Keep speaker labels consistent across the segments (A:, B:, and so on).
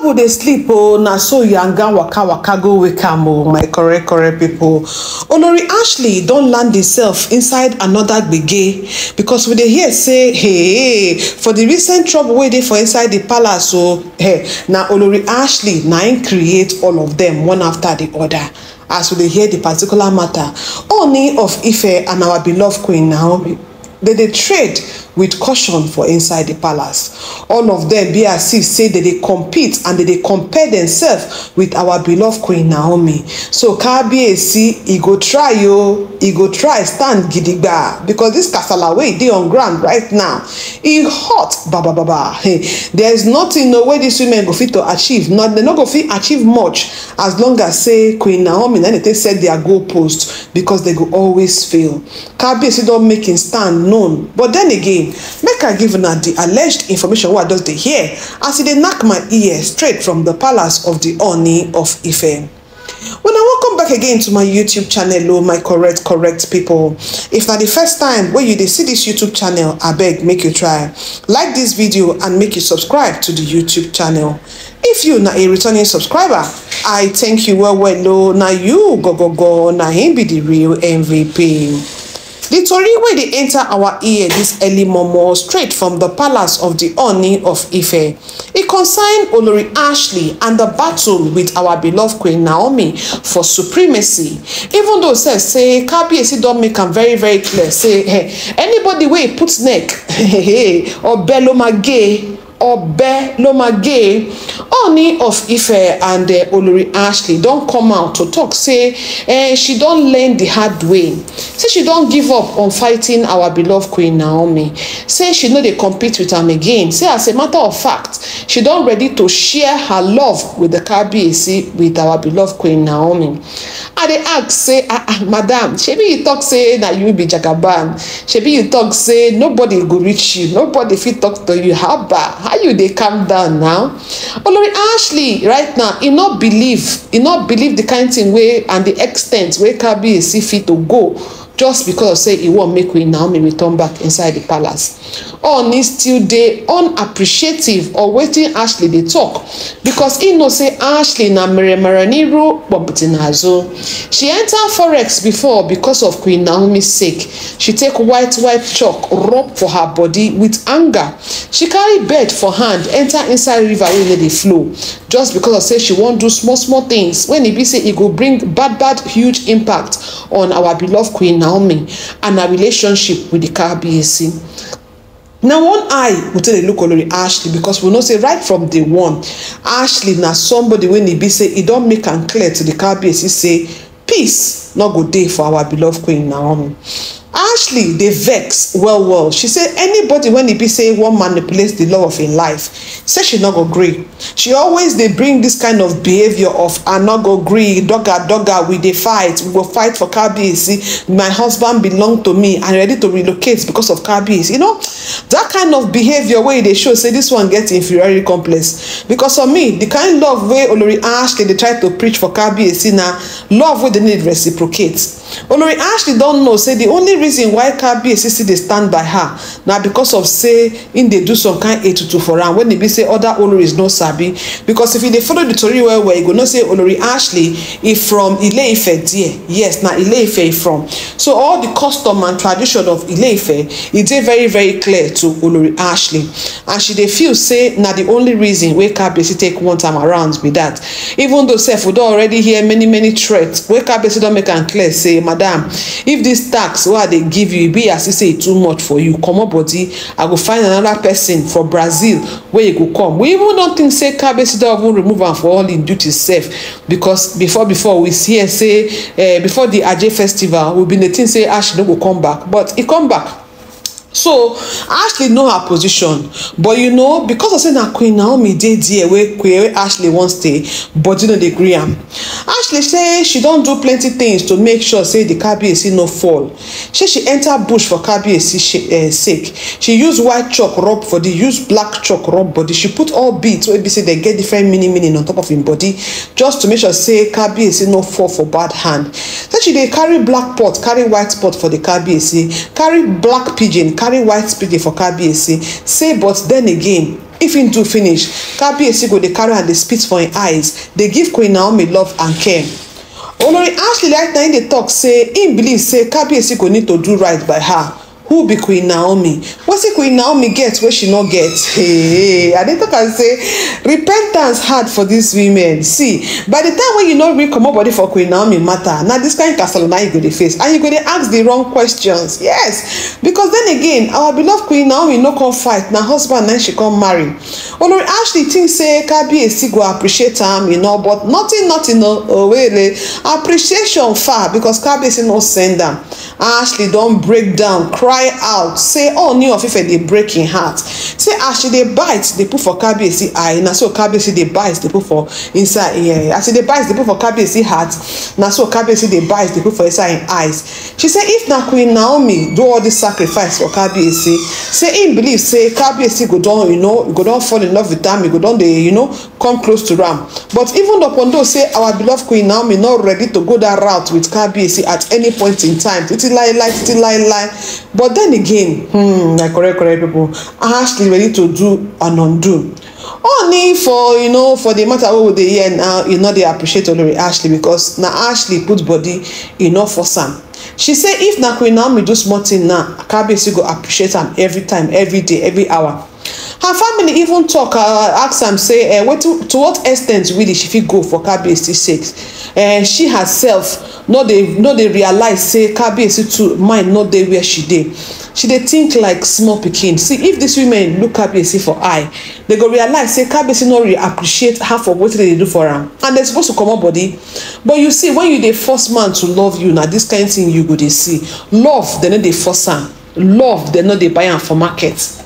A: trouble dey sleep o na so yanga waka waka go wake am o my correct correct pipo olori ashley don land herself inside anoda gbege because we dey hear say hey for di recent trouble wey dey for inside di palace o hey na olori ashley na im create all of dem one after di oda as we dey hear di particular matter. oni of ife and our beloved queen naomi dey dey trade with caution for inside the palace all of them be as if say that they compete and that they compare themselves with our beloved queen naomi so kabiyesi he go try yo, he go try stand gidigba because this castle wey they on ground right now e hot ba ba ba hey, there is nothing no wey dis women go fit to achieve Not they no go fit achieve much as long as say queen naomi na they take set dia goal post because they go always fail kabiyesi don't make him stand known but then again make i give una the alleged information wey i just dey hear as e dey knack my ear straight from the palace of the oni of ife When I welcome back again to my YouTube channel, oh my correct, correct people. If na the first time wey you dey see this YouTube channel, abeg make you try. Like this video and make you subscribe to the YouTube channel. If you na a returning subscriber, I thank you well well oh, na you go go go, na him be the real MVP. The tori wey they enter our ear this early momo straight from the palace of the Oni of Ife. it concern Olori Ashley and the battle with our beloved Queen Naomi for supremacy. Even though says say Kabiyesi don't make am very very clear say hey, eh, anybody wey put neck or bello oh, ma gay Obe Lomage, Oni of Ife and uh, Olori Ashley don come out to talk say uh, she don learn the hard way. Say she don give up on fighting our beloved Queen Naomi. Say she no dey compete with am again. Say as a matter of fact, she don ready to share her love with the Kabiyesi with our beloved Queen Naomi. I dey ask say, ah, ah, madam, shebi you talk say na you be Jagaban. Shebi you talk say nobody go reach you, nobody fit talk to you. Haba, how you dey calm down now olori ashley right now e no believe e no believe the kind thing wey and the extent ten t wey kabiyesi fit to go just because of say he wan make Queen Naomi return back inside the palace. Ooni still dey unappreciative of wetin Ashley dey talk because he know say Ashley na meremere n'iru kpọbuti n'azụ. She enter forex before because of Queen Naomi's sake. She take white white chalk rub for her body with anger. She carry bed for hand enter inside river wey no dey flow just because of say she wan do small small things when e be say e go bring bad bad huge impact on our beloved Queen Naomi naomi and her relationship with the kbac Now, one eye would tell dey look olori ashley because we know say right from day one ashley now somebody when he be say he don't make and clear to the di he say peace not good day for our beloved queen naomi ashley they vex well well she said anybody when they be say one manipulates the love of in life say she not go agree. she always they bring this kind of behaviour of i not go agree, dogga dogga we they fight we will fight for kbc my husband belong to me and ready to relocate because of kbc you know that kind of behaviour way they show say this one get inferiority complex because for me The kind love where olori ashley they try to preach for kbc now, love where they need reciprocate olori ashley don't know say the only reason why kabiyesi still dey stand by her na because of say im dey do some kind etutu for am when e be say other oloris no sabi because if you dey follow the tori well well you go know say olori ashley e from ile-ife there yes na ile-ife e from so all the custom and tradition of ile-ife e dey very very clear to olori ashley and she dey feel say na the only reason wey kabiyesi take want am around be that even though sef we don already hear many many threats wey kabiyesi don make am clear say madam if dis tax wey i dey give you e be as if say e too much for you comot body i go find another person for brazil wey you go come we even don think say kabesi don even remove am for all im duties sef because before before we hear say uh, before the aje festival we bin dey think say ash no go come back but e come back so ashley know her position but you know because of say na queen naomi dey there wey queen ashley wan stay body no dey gree am ashley say she don do plenty things to make sure say di kabiyesi no fall say she enter bush for kabiyesi eh, sake she use white chalk rub body use black chalk rub body she put all beads wey be say dem get different meaning meaning on top of im body just to make sure say kabiyesi no fall for bad hand say she dey carry black pot carry white pot for di kabiyesi carry black pigeon carry white pidgin for kabiyesi say but then again if im do finish kabiyesi go dey carry am dey spit for im eyes dey give queen naomi love and care olori ashley like na im dey talk, say im believe say kabiyesi go need to do right by her who be queen naomi wetin queen naomi get wey she no get hey i dey talk am say repentance hard for these women see by the time wey you no gree comot body for queen naomi matter na this kind kasala na you go dey face and you go dey ask the wrong questions yes because then again our beloved queen naomi no come fight na husband na she come marry olori ashley think say kabiyesi go appreciate am you know but nothing nothing no. owele appreciation far because kabiyesi no send am ashley don break down cry cry out say Ooni of Ife dey break im heart say as she dey bite dey put for Kabiyesi eye na so Kabiyesi dey bite dey put for inside im ear as she dey bite dey put for Kabiyesi heart na so Kabiyesi dey bite dey put for inside im eyes she say if na Queen Naomi do all dis sacrifice for Kabiyesi say im believe say Kabiyesi go don you know go don fall in love with am he go don dey you know come close to am but even upon though say our beloved Queen Naomi no ready to go that route with Kabiyesi at any point in time titi lai lai titi lai lai but but then again hmm, na correct correct people ashley ready to do and undo only for you know for the matter wey we dey hear now you know, they appreciate olori ashley because na ashley put body you know, for am she say if na queen naomi do small thing now kabiyesi go appreciate am every time every day every hour her family even talk. tok uh, ask am say eh, to what extent really she fit go for kabiyesi sake eh, she herself no dey realise say kabiyesi too mind no dey where she dey she dey think like small pikin see if dis women look kabiyesi for eye they go realise say kabiyesi no really appreciate half of wetin they dey do for am and they suppose to comot body but you see when you dey force man to love you na dis kain thing you go dey see love dem no dey force am love dem no dey buy am for market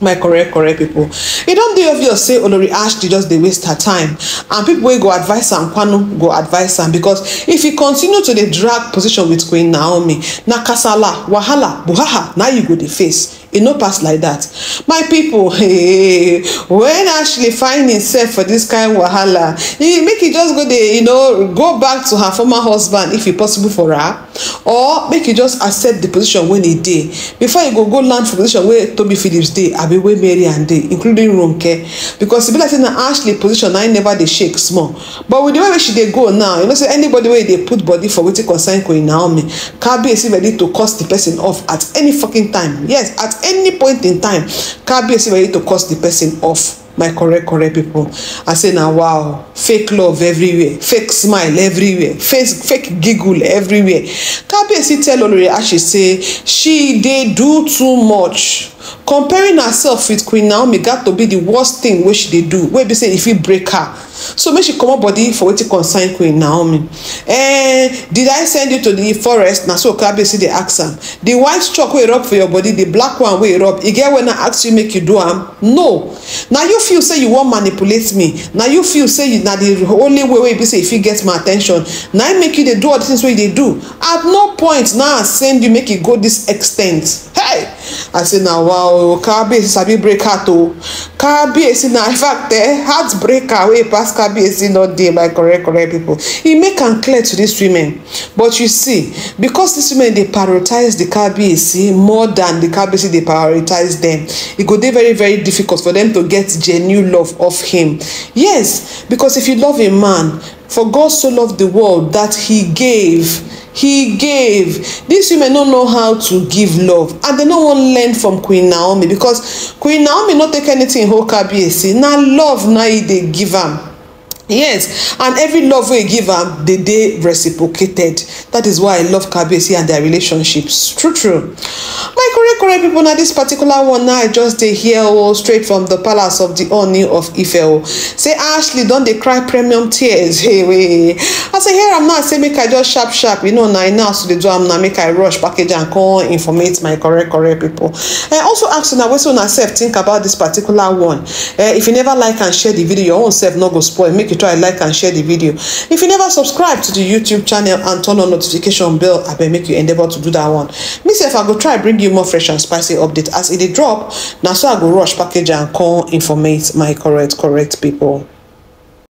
A: my correct correct pipo e don dey obvious say olori ashdi just dey waste her time and pipo wey go advise am kwano go advise am because if e continue to dey drag position with queen naomi na kasala wahala buhaha na you go dey face e no pass like that, my people. hey, wen ashley find himself for dis kain wahala he make he just go dey you know go back to her former husband if e possible for her or make he just accept the position wey he e dey before he go go land for position wey toby phillips dey abi wey mary ann dey including ronke because e be like say na ashley position na im never dey shake small but with the way wey she dey go now you know say anybody wey e dey put body for wetin concern queen naomi kabiyesi ready to cause the person off at any fucking time yes at any point in time kabiyesi ready to cut the person off my correct correct people i say na wow fake love everywhere fake smile everywhere fake fake giggle everywhere kabiyesi tell olori ashe say she dey do too much comparing herself with queen naomi gat to be the worst thing wey she dey do wey be say e fit break her so make she comot body for wetin concern queen naomi eh did i send you to the forest na so kabiyesi dey ask am the white chalk wey rub for your body the black one wey rub e get when i ask you make you do am no na you feel say you wan manipulate me na you feel say na the only way wey be say you fit get my at ten tion na im make you dey do all the things wey you dey do at no point now i send you make you go this extent say ah, na wow o kabiyesi sabi break heart o kabiyesi na in fact eh, heart breaker wey pass kabiyesi no dey my correct correct people e make am clear to these women but you see because these women dey prioritize the kabiyesi more than the kabiyesi dey prioritize them e go dey very very difficult for them to get genuine love of him yes because if you love a man For God so loved the world that he gave. He gave. These women don't know how to give love. And they no wan learn from Queen Naomi because Queen Naomi no take anything whole KBAC. Na love na e dey give am yes and every love we give am they dey reciprocated that is why i love kabiyesi and their relationships true true my correct correct people. Now this particular one now i just dey hear o oh, straight from the palace of the Oni of ife o oh. say ashley don't they cry premium tears hey wey i say here I'm now say make i just sharp sharp you know now i now to dey do I'm na make i rush package and come informate my correct correct people. pipo eh, also ask now, what's una sef think about this particular one eh, if you never like and share the video your own sef no go spoil make you try like and share the video if you never subscribe to the youtube channel and turn on notification bell I abeg make you endeavor to do that one me if i go try bring you more fresh and spicy update as it e drop Now so i go rush package and come informate my correct correct people.